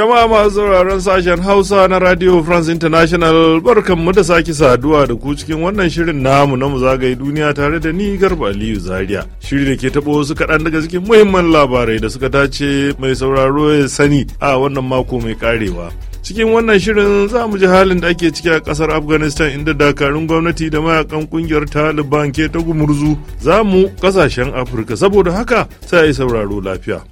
Jama'a masu sauraron sashen Hausa na Radio France International barkanmu da sake saduwa da ku cikin wannan shirin namu na zagaye duniya tare da ni Garba Aliyu Zaria. Shiri da ke taɓo wasu kaɗan daga cikin muhimman labarai da suka dace mai sauraro ya sani a wannan mako mai karewa. cikin wannan shirin za mu ji halin da ake ciki a ƙasar afghanistan inda dakarun gwamnati da mayakan ƙungiyar taliban ke ta gumurzu za mu kasashen afirka saboda haka sai a yi sauraro lafiya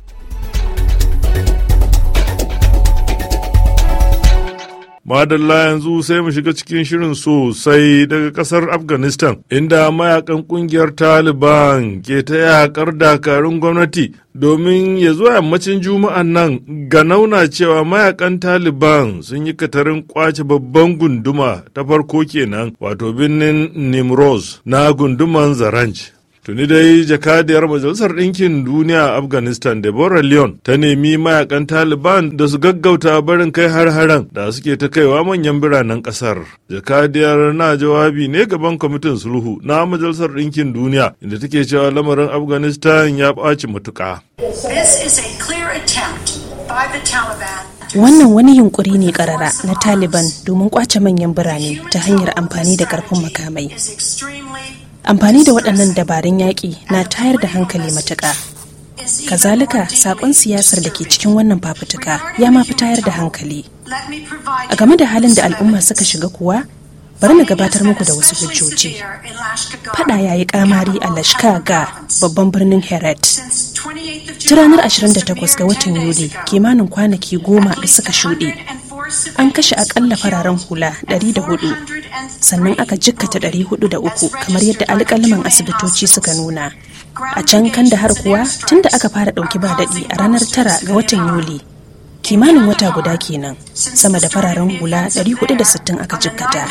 madalla yanzu sai mu shiga cikin shirin sosai daga kasar afghanistan inda mayakan kungiyar taliban ke ta yakar dakarun gwamnati domin ya zuwa yammacin juma'an nan ga nauna cewa mayakan taliban sun yi katarin kwace babban gunduma ta farko kenan wato birnin nimrose na gunduman zaranj Tuni dai jakadiyar Majalisar Ɗinkin Duniya a Afghanistan Deborah Leon ta nemi mayakan Taliban da su gaggauta barin kai har-haren da suke ta kaiwa manyan biranen ƙasar. Jakadiyar na jawabi ne gaban kwamitin sulhu na Majalisar Ɗinkin Duniya inda take cewa lamarin Afghanistan ya ɓaci matuka. Wannan wani yunkuri ne karara na Taliban domin kwace manyan birane ta hanyar amfani da karfin makamai. amfani da waɗannan dabarun yaƙi na tayar da hankali matuƙa kazalika saƙon siyasar da ke cikin wannan fafutuka ya mafi tayar da hankali a game da halin da al'umma suka shiga kuwa bari na gabatar muku da wasu hujjoji fada ya yi kamari a lashka ga babban birnin herat ta ranar 28 ga watan yuli kimanin kwanaki goma da suka shuɗe an kashe akalla fararen hula 400 sannan aka jikkata 403 kamar yadda alƙaliman asibitoci suka nuna a can kan da har kuwa tunda aka fara ɗauki ba daɗi a ranar tara ga watan yuli kimanin wata guda kenan sama da fararen hula 460 aka jikkata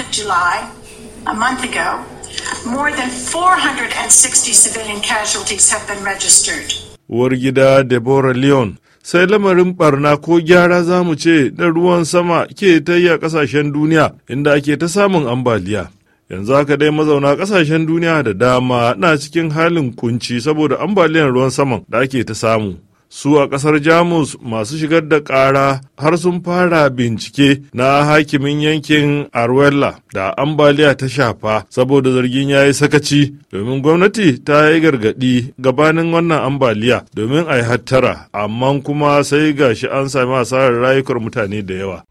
More Uwar gida Deborah Leon sai lamarin barna ko gyara za mu ce na ruwan sama ke ta yi a ƙasashen duniya inda ake ta samun ambaliya. Yanzu haka dai mazauna ƙasashen duniya da dama na cikin halin kunci saboda ambaliyar ruwan saman da ake ta samu. su a kasar jamus masu shigar da kara har sun fara bincike na hakimin yankin arwella da ambaliya ta shafa saboda zargin ya yi sakaci domin gwamnati ta yi gargadi gabanin wannan ambaliya domin a yi hattara amma kuma sai gashi an sami asarar rayukan mutane da yawa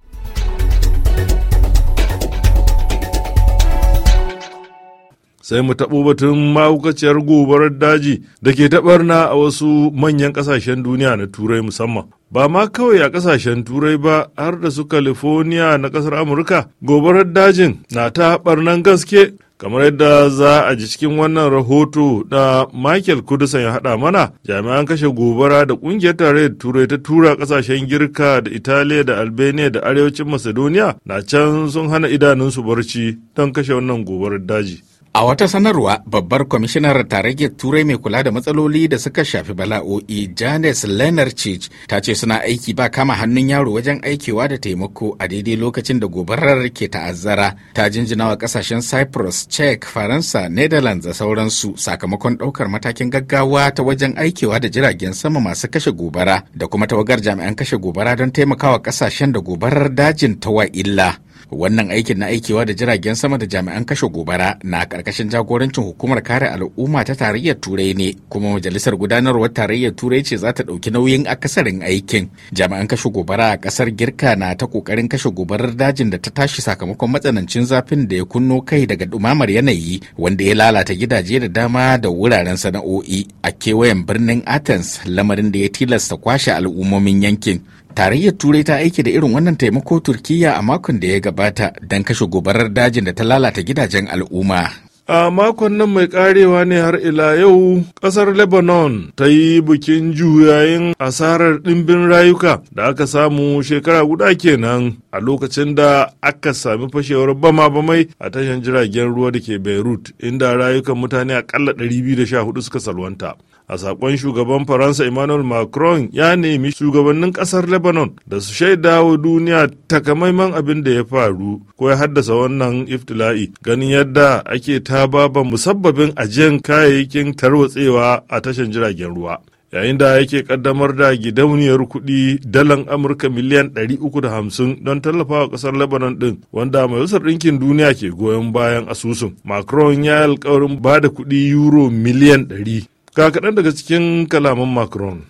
sai mu taɓo batun mahaukaciyar gobarar daji da ke taɓarna a wasu manyan ƙasashen duniya na turai musamman ba ma kawai a ƙasashen turai ba har da su california na ƙasar amurka gobarar dajin na ta ɓarnan gaske kamar yadda za a ji cikin wannan rahoto na michael kudusan ya haɗa mana jami'an kashe gobara da ƙungiyar tarayyar turai ta tura ƙasashen girka da italiya da albania da arewacin macedonia na can sun hana idanunsu barci don kashe wannan gobarar daji A wata sanarwa babbar kwamishinar tarayyar turai mai kula da matsaloli da suka shafi bala'o'i Janes Lenarchich ta ce suna aiki ba kama hannun yaro wajen aikewa da taimako a daidai lokacin da gobarar ke ta'azzara ta jinjina wa kasashen Cyprus, Czech, Faransa, Netherlands da sauransu sakamakon ɗaukar matakin gaggawa ta wajen aikewa da jiragen sama masu kashe gobara da kuma tawagar jami'an kashe gobara don taimakawa kasashen da gobarar dajin ta wa illa. Wannan aikin na aikewa da jiragen sama da jami'an kashe gobara na karkashin jagorancin hukumar kare al'umma ta tarayyar Turai ne, kuma majalisar gudanarwar tarayyar Turai ce za ta ɗauki nauyin akasarin aikin. Jami'an kashe gobara a ƙasar Girka na ta ƙoƙarin kashe gobarar dajin da ta tashi sakamakon matsanancin zafin da ya kunno kai daga ɗumamar yanayi wanda ya lalata gidaje da dama da wuraren sana'o'i a kewayen birnin Athens lamarin da ya tilasta kwashe al'ummomin yankin. Tarayyar Turai ta aiki da irin wannan taimako Turkiyya a makon da ya gabata don kashe gobarar dajin da ta lalata gidajen al'umma. a makon nan mai karewa ne har ila yau kasar lebanon ta yi bikin juyayin asarar ɗimbin rayuka da aka samu shekara guda kenan a lokacin da aka sami fashewar bama-bamai a tashan jiragen ruwa da ke beirut inda rayukan mutane akalla 214 suka salwanta a sakon shugaban faransa emmanuel macron ya nemi shugabannin kasar lebanon da su shaida wa duniya takamaiman abin da ya faru ko ya haddasa wannan iftila'i ganin yadda ake ta baba musabbabin ajiyan kayayyakin tarwatsewa a tashar jiragen ruwa yayin da yake kaddamar da gidauniyar kuɗi dalan amurka miliyan 350 don tallafa wa ƙasar lebanon ɗin wanda majalisar ɗinkin duniya ke goyon bayan asusun macron ya alkawarin ba da kuɗi euro miliyan 100 Ga kaɗan daga cikin kalaman Macron.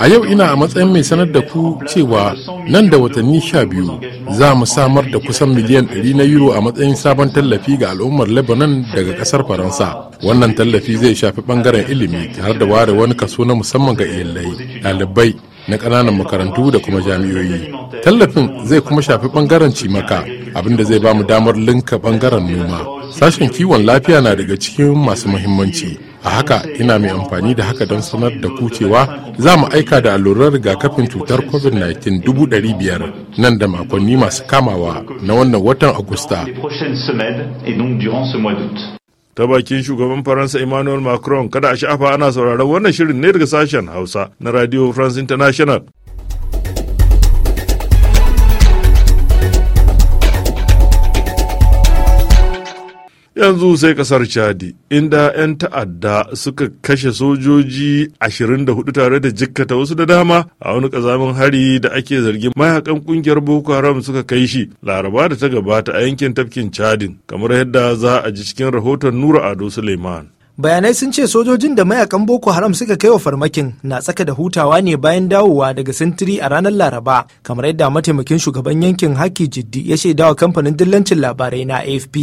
A yau ina a matsayin mai sanar da ku cewa nan da watanni sha biyu za mu samar da kusan miliyan 100 na euro a matsayin sabon tallafi ga al'ummar Lebanon daga kasar Faransa. Wannan tallafi zai shafi bangaren ilimi tare da ware wani kaso na musamman ga iyalai, ɗalibai na ƙananan makarantu da kuma jami'oyi. Tallafin zai kuma shafi ɓangaren cimaka abin da zai ba mu damar linka bangaren noma sashen kiwon lafiya na daga cikin masu muhimmanci a haka ina mai amfani da haka don sanar da kucewa za mu aika da allurar rigakafin cutar covid-19 500 nan da makonni masu kamawa na wannan watan agusta ta bakin shugaban faransa emmanuel macron kada a sha'afa ana sauraron wannan shirin ne daga sashen hausa na radio france international yanzu sai kasar chadi inda 'yan ta'adda suka kashe sojoji 24 tare da jikkata wasu da dama a wani kazamin hari da ake zargin mayakan kungiyar boko haram suka kai shi laraba da ta gabata a yankin tafkin chadi kamar yadda za a ji cikin rahoton nura ado suleiman bayanai sun ce sojojin da mayakan boko haram suka kai wa farmakin na tsaka da hutawa ne bayan dawowa daga sintiri a ranar laraba kamar yadda mataimakin shugaban yankin haki jiddi ya shaidawa kamfanin dillancin labarai na afp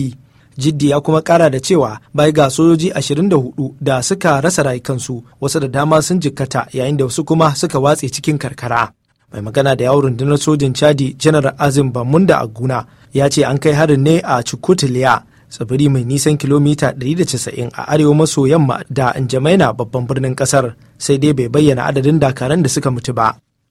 jiddi ya kuma kara da cewa bai ga sojoji 24 da suka rasa rayukansu wasu da dama sun jikkata yayin da wasu kuma suka watse cikin karkara mai magana da yawon rundunar sojin chadi general azim bamunda aguna ya ce an kai harin ne a chukutiliya tsibiri mai nisan kilomita 190 a arewa maso yamma da njamaina babban birnin kasar sai dai bai bayyana adadin dakaran da suka mutu ba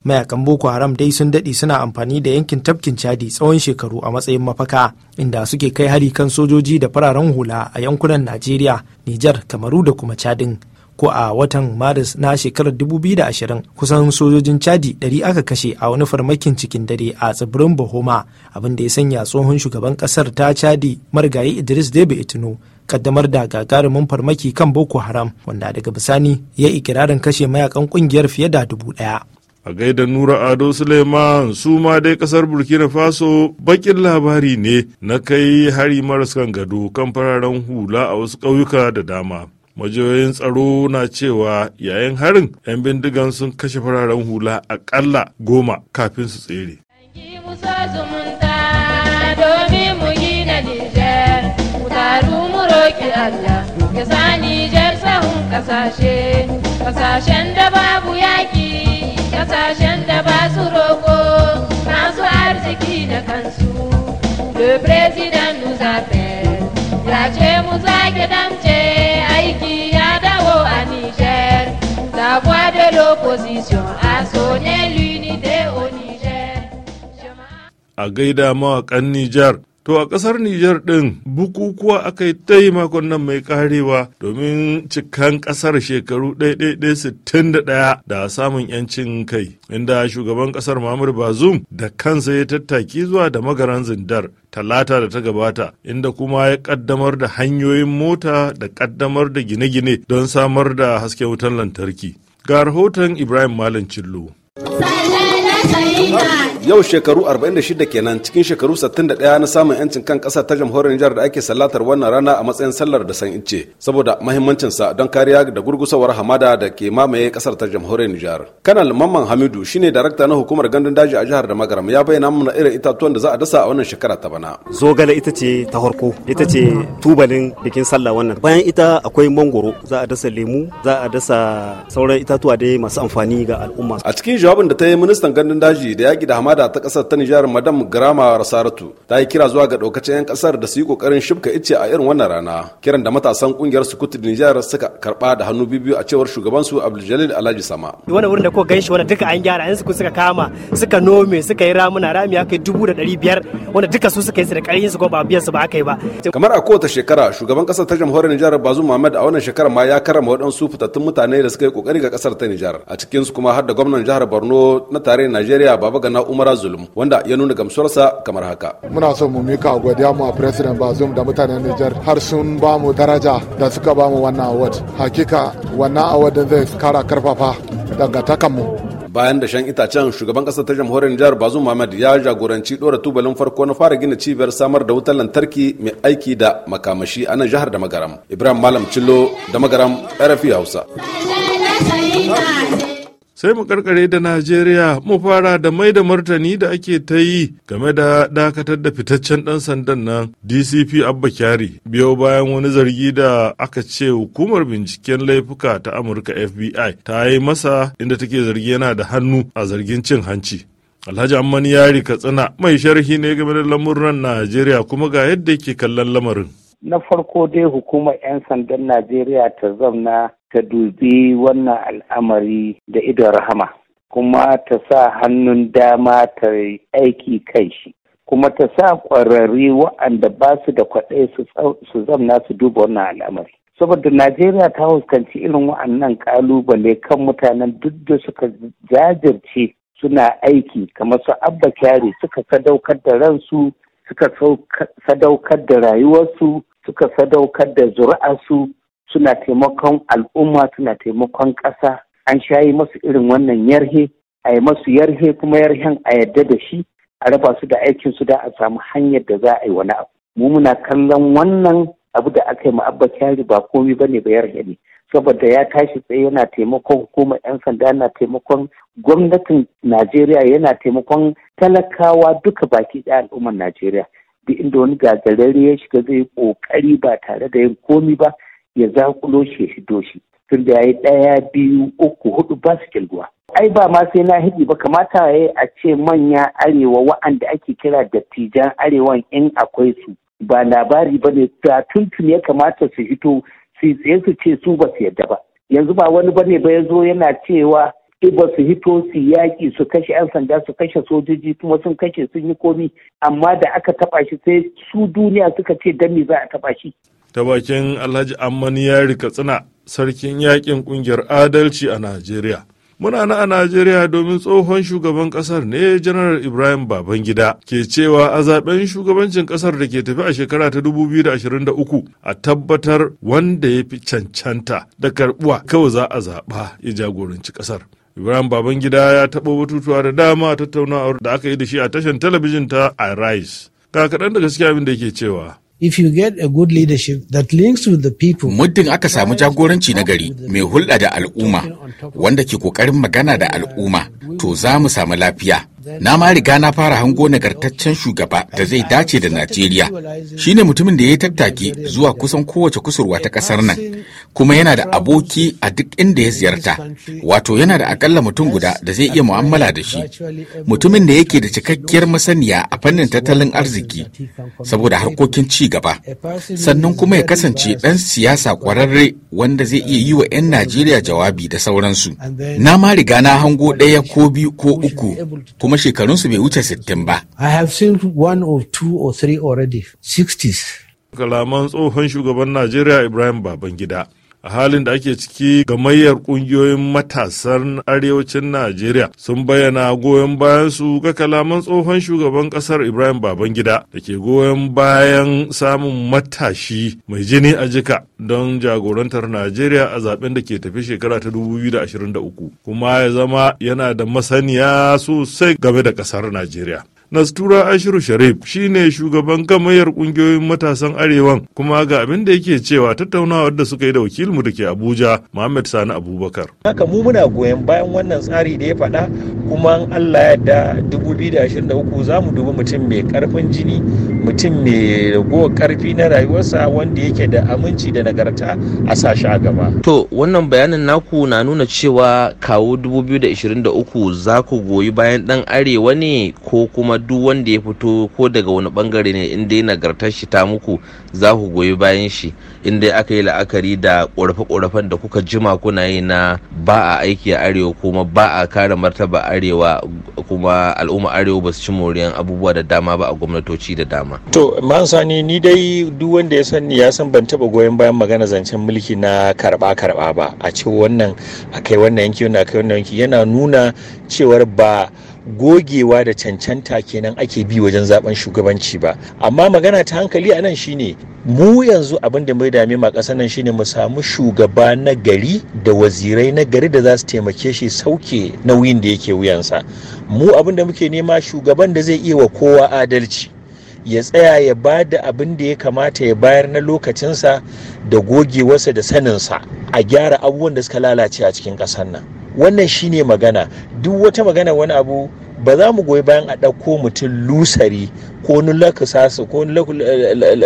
mayakan boko haram dai sun daɗe suna amfani da yankin tafkin chadi tsawon shekaru a matsayin mafaka inda suke kai hari kan sojoji da fararen hula a yankunan najeriya nijar kamaru da kuma chadin ko a watan maris na shekarar 2020 kusan sojojin chadi 100 aka kashe a wani farmakin cikin dare a tsibirin bahoma abinda ya sanya tsohon shugaban kasar ta chadi marigayi idris debe itino kaddamar da gagarumin farmaki kan boko haram wanda daga bisani ya ikirarin kashe mayakan kungiyar fiye da dubu daya a gaida nura ado suleiman su ma dai kasar burkina faso bakin labari ne na kai hari maras kan gado kan fararen hula a wasu ƙauyuka da dama majiyoyin tsaro na cewa yayin harin 'yan bindigan sun kashe fararen hula akalla goma kafin su tsere kasashe, kasashen da babu yaki kasashen da ba su roko masu arziki da kansu le president nous appelle ya ce mu zage damce aiki ya dawo a niger la voix de l'opposition a sonné l'unité au niger a gaida mawaƙan niger To a ƙasar Nijar ɗin bukukuwa aka yi makon nan mai karewa domin cikan ƙasar shekaru ɗaya da samun 'yancin kai, inda shugaban ƙasar Muhammadu Bazoum da kansa ya tattaki zuwa da magaran zindar talata da ta gabata inda kuma ya kaddamar da hanyoyin mota da kaddamar da gine-gine don samar da hasken wutar lantarki. Ga rahoton Ibrahim Malam Cillo. yau shekaru 46 kenan cikin shekaru 61 na samun yancin kan ƙasa ta jamhuriyar Nijar da ake sallatar wannan rana a matsayin sallar da san ince saboda mahimmancin sa don kariya da gurgusawar hamada da ke mamaye ƙasar ta jamhuriyar Nijar. Kanal Mamman Hamidu shine darakta na hukumar gandun daji a jihar da Magaram ya bayyana mana irin itatuwan da za a dasa a wannan shekara ta bana. Zogale ita ce ta harko ita ce tubalin bikin sallah wannan. Bayan ita akwai mangoro za a dasa lemu za a dasa sauran itatuwa dai masu amfani ga al'umma. A cikin jawabin da ta yi ministan gandun gandun daji da yaki da hamada ta kasar ta Nijar Madam Grama Saratu ta yi kira zuwa ga ɗaukacin 'yan kasar da su yi ƙoƙarin shibka ice a irin wannan rana. Kiran da matasan ƙungiyar Sukutu Nijar suka karɓa da hannu bibiyu a cewar shugabansu Abdul Alhaji Sama. Wani wurin da ko ganshi wani duka an gyara yanzu suka kama suka nome suka yi ramuna rami ya kai dubu da ɗari biyar wanda duka su suka yi su da ƙarfin su ko ba biyan su ba aka yi ba. Kamar a kowace shekara shugaban kasar ta jamhuriyar Nijar Bazum Muhammad a wannan shekarar ma ya karama waɗansu fitattun mutane da suka yi ƙoƙari ga kasar ta Nijar a cikinsu kuma har da gwamnan jihar Borno na tare na Najeriya Baba Gana Umara Zulum wanda ya nuna gamsuwarsa kamar haka. Muna so mu mika godiya mu a President Bazoum da mutanen Nijar har sun ba mu daraja da suka ba mu wannan award. Hakika wannan award zai kara karfafa mu. bayan da shan itacen shugaban kasar ta jamhuriyar Nijar Bazoum Muhammad ya jagoranci dora tubalin farko na fara gina cibiyar samar da wutar lantarki mai aiki da makamashi a nan jihar da magaram Ibrahim Malam Cillo da magaram RFI Hausa. sai mu karkare da najeriya mu fara da mai da martani da ake ta yi game da dakatar da fitaccen dan sandan nan dcp abba kyari biyo bayan wani zargi da aka ce hukumar binciken laifuka ta amurka fbi ta yi masa inda take zargi yana da hannu a zargin cin hanci Alhaji Amman Yari Katsina mai sharhi ne game da lamuran Najeriya kuma ga yadda yake kallon lamarin. Na farko dai hukumar 'yan sandan Najeriya ta zauna ta dubi wannan al'amari da idon rahama kuma ta sa hannun dama ta aiki kan shi kuma ta sa ƙwararri wa'anda ba su da kwaɗe su zamna su duba wannan al'amari saboda najeriya ta fuskanci irin wa'annan ƙalubale kan mutanen duk da suka jajirce suna aiki kamar su abba kyari suka sadaukar da ransu suka sadaukar da rayuwarsu suka sadaukar da zuri'arsu suna taimakon al'umma suna taimakon ƙasa an shayi masu irin wannan yarhe a yi masu yarhe kuma yarhen a yadda da shi a raba su da aikin su da a samu hanyar da za a yi wani abu mu muna kallon wannan abu da aka yi mu abba kyari ba komi ba ne ba yarhe ne saboda ya tashi tsaye yana taimakon hukumar 'yan sanda yana taimakon gwamnatin najeriya yana taimakon talakawa duka baki ɗaya al'ummar najeriya duk inda wani gagarare ya shiga zai yi ƙoƙari ba tare da yin komi ba ya zakulo shi ya hito shi tun da yi ɗaya biyu uku hudu ba su kilguwa ai ba ma sai na hidi ba kamata ya a ce manya arewa wa'anda ake kira dattijan arewan in akwai su ba labari ba ne da tuntun ya kamata su hito su tsaye su ce su ba su yadda ba yanzu ba wani ba ne ba ya zo yana cewa eh, ba su hito su yaƙi su kashe 'yan sanda su kashe sojoji kuma sun kashe sun yi komi amma da aka taɓa shi sai su duniya suka ce dan me za a taɓa shi ta bakin alhaji amman yari katsina sarkin yakin kungiyar adalci a najeriya muna na a najeriya domin tsohon shugaban kasar ne janar ibrahim babangida ke cewa a zaben shugabancin kasar da ke tafi a shekara ta 2023 a tabbatar wanda ya fi cancanta da karbuwa kawai za a zaɓa ya jagoranci kasar ibrahim babangida ya taɓa batutuwa da dama a tattaunawar da aka yi da shi a tashar talabijin ta arise ga kaɗan da gaske abin da yake cewa If you get a good leadership that links with the people. Muddin aka samu jagoranci na gari mai hulɗa da al'umma wanda ke ƙoƙarin magana da al'umma to za mu samu lafiya. Na ma riga na fara hango nagartaccen shugaba da zai dace da Najeriya. shine mutumin da ya yi tattaki zuwa kusan kowace kusurwa ta ƙasar nan, kuma yana da aboki a duk inda ya ziyarta wato yana da akalla mutum guda da zai iya mu'amala da shi mutumin da yake da cikakkiyar masaniya a fannin tattalin arziki saboda harkokin ci gaba sannan kuma ya kasance ɗan siyasa kwararre wanda zai iya yi wa 'yan najeriya jawabi da sauransu na ma riga na hango ɗaya ko biyu ko uku kuma shekarunsu bai wuce sittin ba kalaman tsohon shugaban najeriya ibrahim babangida a halin da ake ciki ga gamayyar kungiyoyin matasan arewacin najeriya sun bayyana goyon bayan su ga kalaman tsohon shugaban kasar ibrahim babangida da ke goyon bayan samun matashi mai jini a jika don jagorantar najeriya a zaben da ke tafi shekara ta 2023 kuma ya zama yana da masaniya sosai game da kasar najeriya Nastura Ashiru Sharif shine shugaban gamayyar kungiyoyin matasan Arewan kuma ga abin da yake cewa tattaunawar da suka yi da wakilinmu da ke Abuja Muhammad Sani Abubakar. Haka mu muna goyon bayan wannan tsari da ya faɗa kuma Allah ya da 2023 za mu dubi mutum mai karfin jini mutum mai ragowar karfi na rayuwarsa wanda yake da aminci da nagarta a sa a gaba to wannan bayanin naku na nuna cewa kawo 2023 za ku goyi bayan dan arewa ne ko kuma duk wanda ya fito ko daga wani bangare ne inda ya nagartar shi ta muku za ku goyi bayan shi inda aka yi la'akari da korafe-korafen da kuka jima kuna yi na ba a aiki a arewa kuma ba a kare martaba arewa kuma al'umma arewa ba su ci moriyan abubuwa da dama ba a gwamnatoci da dama ba to ni dai duk wanda ya sanni ya san ban taba goyon bayan magana zancen mulki na karba karba ba a ce wannan akai wannan yanki wannan akai wannan yanki yana nuna cewar ba gogewa da cancanta kenan ake bi wajen zaben shugabanci ba amma magana ta hankali a nan shine mu yanzu abin da mai dame ma ƙasar nan shine mu samu shugaba na gari da wazirai na gari da za su taimake shi sauke nauyin da yake wuyansa mu abin da muke nema shugaban da zai iya wa kowa adalci ya tsaya ya ba da abin da ya kamata ya bayar na lokacinsa da gogewarsa da saninsa a gyara abubuwan da suka lalace a cikin ƙasar nan wannan shine magana duk wata magana wani abu ba za mu goyi bayan a ɗauko mutum lusari ko ni lakasasu ko ni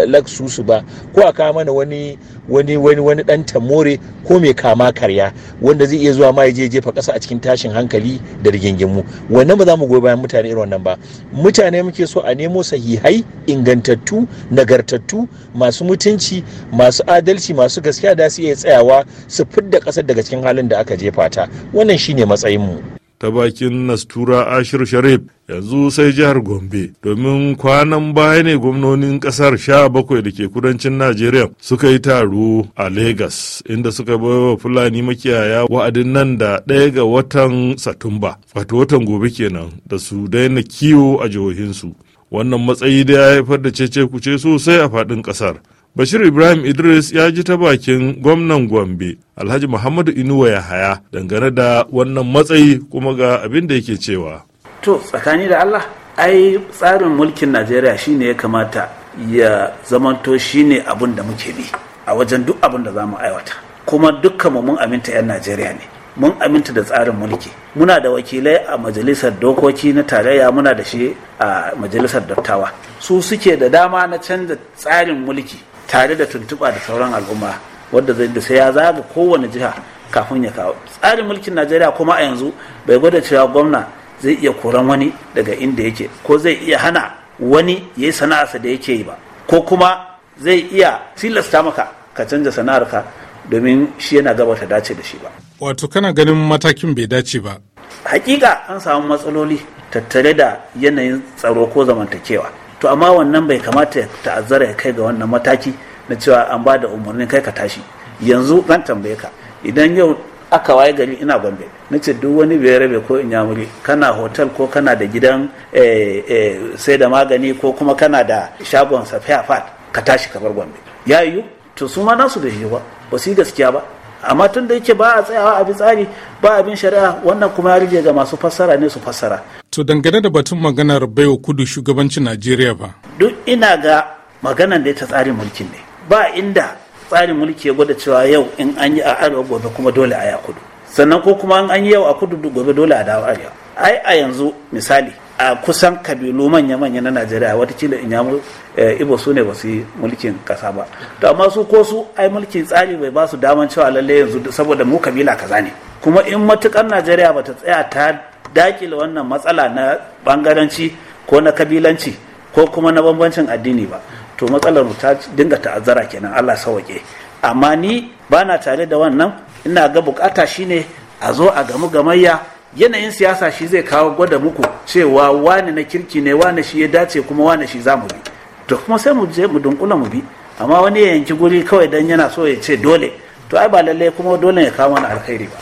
laksusu ba ko a kama mana wani wani wani wani dan tamore ko mai kama karya wanda zai iya zuwa ma ya je jefa ƙasa a cikin tashin hankali da rigingimu wannan ba za mu goyi bayan mutane irin wannan ba mutane muke so a nemo sahihai ingantattu nagartattu masu mutunci masu adalci masu gaskiya da su iya tsayawa su fidda ƙasar daga cikin halin da aka jefa ta wannan shine matsayinmu ta bakin Nastura Ashir Sharif yanzu sai jihar Gombe domin kwanan baya ne gwamnonin kasar sha bakwai da ke kudancin Najeriya suka yi taro a Legas inda suka baiwa Fulani makiyaya wa'adin nan da ɗaya ga watan Satumba wato watan gobe kenan da su daina kiwo a jihohinsu. Wannan matsayi da ya haifar da cece kuce sosai a faɗin ƙasar Bashir Ibrahim Idris ya ji ta bakin gwamnan Gombe Alhaji Muhammadu Inuwa ya haya dangane da wannan matsayi kuma ga abin da yake cewa. To tsakani da Allah ai tsarin mulkin Najeriya shine ya kamata ya zamanto shine abin da muke bi a wajen duk abin da za mu aiwata. Kuma dukkanmu mun aminta 'yan Najeriya ne. mun aminta da tsarin mulki muna da wakilai a majalisar dokoki na tarayya muna da shi a majalisar dattawa su suke da dama na canza tsarin mulki tare da tuntuɓa da sauran al'umma wanda zai da sai ya zaga kowane jiha kafin ya kawo tsarin mulkin najeriya kuma a yanzu bai gwada cewa gwamna zai iya koran wani daga inda yake ko zai iya hana wani ya yi sana'arsa da yake yi ba ko kuma zai iya tilasta maka ka canza sana'arka domin shi yana gaba ta dace da shi ba wato kana ganin matakin bai dace ba hakika an samu matsaloli tattare da yanayin tsaro ko zamantakewa to amma wannan bai kamata ta'azzara ya kai ga wannan mataki na cewa an ba da umarnin kai ka tashi yanzu zan tambaye ka idan yau aka waye gari ina gombe na ce duk wani bai rabe ko in yamuri kana hotel ko kana da gidan eh, eh, sai da magani ko kuma kana da shagon safiya fat ka tashi ka bar gombe ya yiwu to su ma nasu da shiwa ba su yi gaskiya ba amma tun da yake ba a tsayawa abin tsari ba abin shari'a wannan kuma ya rige ga masu fassara ne su fassara. to dangane da batun maganar baiwa kudu shugabancin najeriya ba. duk ina ga maganar da ta tsarin mulkin ne ba inda tsarin mulki ya gwada cewa yau in an yi a arewa gobe kuma dole a ya kudu sannan ko kuma an yi yau a kudu gobe dole a dawo arewa ai a yanzu misali a kusan kabilu manya-manya na najeriya watakila in yamu eh, ibo su ne ba yi mulkin kasa ba to amma su ko su ai mulkin tsari bai ba su daman cewa lalle yanzu saboda mu kabila kaza ne kuma in matukar najeriya bata tsaya ta dakile wannan matsala na bangaranci ko na kabilanci ko kuma na bambancin addini ba to matsalar mu ta dinga ta'azzara kenan Allah sauke amma ni ba na tare da wannan ina ga bukata shine a zo a gamu gamayya yanayin siyasa shi zai kawo gwada muku cewa wani na kirki ne wani shi ya dace kuma wani shi za mu bi to kuma sai mu je mu dunkula mu bi amma wani ya yanki guri kawai dan yana so ya ce dole to ai ba lalle kuma dole ya kawo mana alkhairi ba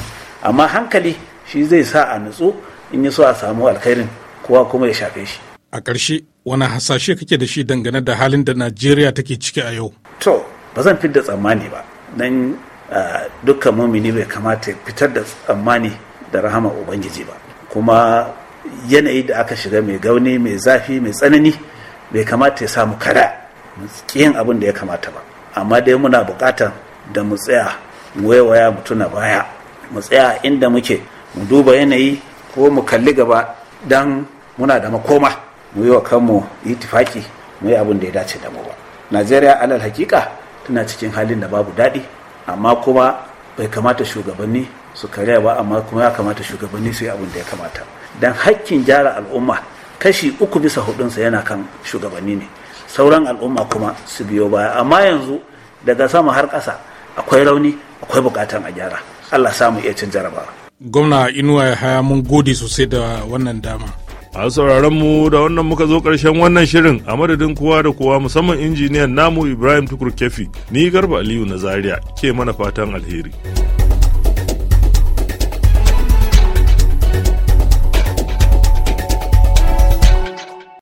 amma hankali shi zai sa a nutsu in ya so a samu alkhairin kowa kuma ya shafe shi a ƙarshe wani hasashe kake da shi dangane da halin da najeriya take ciki a yau to ba zan fitar da tsammani ba nan ah, dukkan mumini bai kamata fitar da tsammani da rahama ubangiji ba kuma yanayi da aka shiga mai gauni mai zafi mai tsanani bai kamata ya samu kada yin abin da ya kamata ba amma dai muna buƙatar da mu tsaya mu waiwaya mu tuna baya mu tsaya inda muke mu duba yanayi ko mu kalli gaba don muna da makoma mu yi wa kanmu itifaki mu yi abin da ya dace da mu ba najeriya alal hakika tana cikin halin da babu daɗi amma kuma bai kamata shugabanni su karya ba amma kuma ya kamata shugabanni su yi abin da ya kamata dan hakkin gyara al'umma kashi uku bisa hudunsa yana kan shugabanni ne sauran al'umma kuma su biyo baya amma yanzu daga sama har ƙasa akwai rauni akwai buƙatan a gyara allah samu iya cin jarabawa gwamna inuwa ya haya mun gode sosai da wannan dama a sauraron mu da wannan muka zo karshen wannan shirin a madadin kowa da kowa musamman injiniyan namu ibrahim tukur kefi ni garba aliyu na zaria ke mana fatan alheri